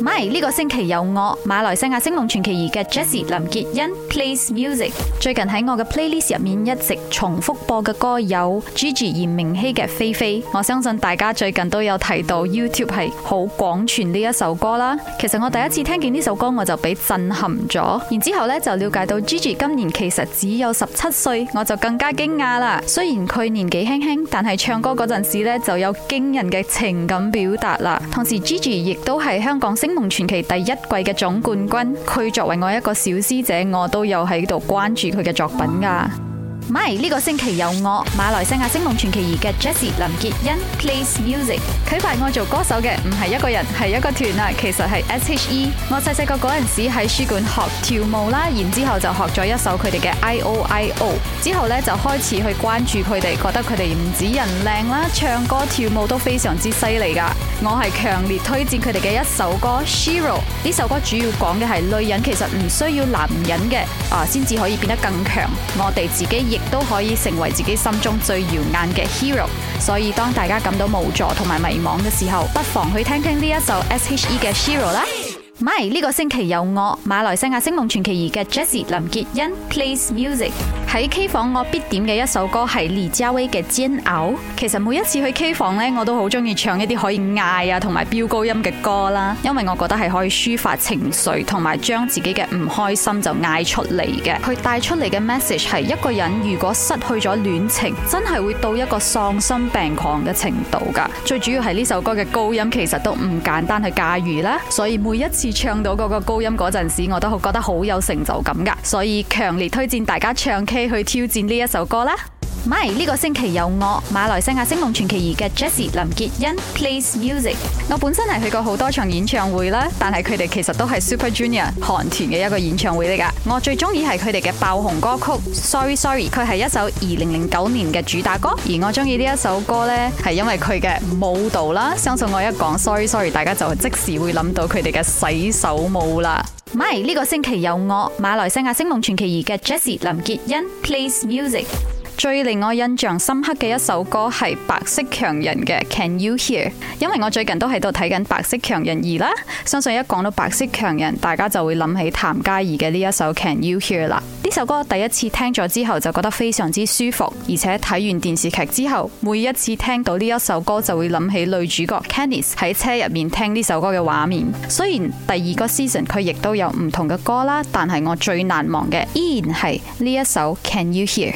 My 呢個星期有我馬來西亞星夢傳奇二嘅 Jessie 林潔欣 plays music。最近喺我嘅 playlist 入面一直重複播嘅歌有 Gigi 炎明熹嘅《菲菲》。我相信大家最近都有提到 YouTube 係好廣傳呢一首歌啦。其實我第一次聽見呢首歌，我就被震撼咗，然之後就了解到 Gigi 今年其實只有十七歲，我就更加驚訝啦。雖然佢年紀輕輕，但係唱歌嗰陣時呢，就有驚人嘅情感表達啦。同時 Gigi 亦都係香港《星夢傳奇》第一季嘅總冠軍，佢作為我一個小師姐，我都有喺度關注佢嘅作品㗎。My 呢個星期有我馬來西亞星夢傳奇二嘅 Jessie 林潔恩 plays music。啟發我做歌手嘅唔係一個人，係一個團啊。其實係 S.H.E。我細細個嗰陣時喺書館學跳舞啦，然之後就學咗一首佢哋嘅 I.O.I.O。之後呢，就開始去關注佢哋，覺得佢哋唔止人靚啦，唱歌跳舞都非常之犀利噶。我係強烈推薦佢哋嘅一首歌《SHERO》。呢首歌主要講嘅係女人其實唔需要男人嘅啊，先至可以變得更強。我哋自己亦～都可以成為自己心中最耀眼嘅 hero，所以當大家感到無助同埋迷惘嘅時候，不妨去聽聽呢一首 SHE 嘅《Hero》啦。My 呢個星期有我馬來西亞星夢傳奇二嘅 Jessie 林潔恩 plays music。喺 K 房我必點嘅一首歌係李佳薇嘅煎熬。其實每一次去 K 房呢，我都好中意唱一啲可以嗌啊同埋飆高音嘅歌啦，因為我覺得係可以抒發情緒同埋將自己嘅唔開心就嗌出嚟嘅。佢帶出嚟嘅 message 係一個人如果失去咗戀情，真係會到一個喪心病狂嘅程度噶。最主要係呢首歌嘅高音其實都唔簡單去駕馭啦，所以每一次唱到嗰個高音嗰陣時候，我都好覺得好有成就感噶。所以強烈推薦大家唱 K。去挑戰呢一首歌啦！My 呢個星期有我馬來西亞星夢傳奇二嘅 Jessie 林潔恩 plays music。我本身係去過好多場演唱會啦，但係佢哋其實都係 Super Junior 韓團嘅一個演唱會嚟噶。我最中意係佢哋嘅爆紅歌曲 Sorry Sorry，佢係一首二零零九年嘅主打歌。而我中意呢一首歌呢，係因為佢嘅舞蹈啦。相信我一講 Sorry Sorry，大家就即時會諗到佢哋嘅洗手舞啦。咪呢個星期有我馬來西亞星夢傳奇二嘅 Jessie 林潔恩 plays music。最令我印象深刻嘅一首歌係白色強人嘅《Can You Hear》。因為我最近都喺度睇緊《白色強人二》啦，相信一講到白色強人，大家就會諗起譚嘉儀嘅呢一首《Can You Hear》啦。呢首歌第一次聽咗之後就覺得非常之舒服，而且睇完電視劇之後，每一次聽到呢一首歌就會諗起女主角 Kenny 喺車入面聽呢首歌嘅畫面。雖然第二個 season 佢亦都有唔同嘅歌啦，但係我最難忘嘅依然係呢一首《Can You Hear》。